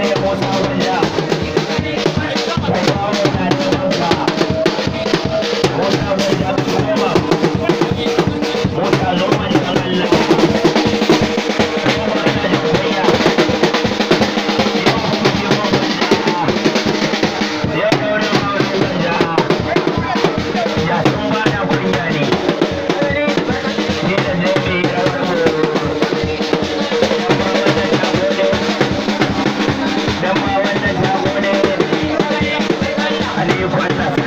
Queremos trabalhar right back.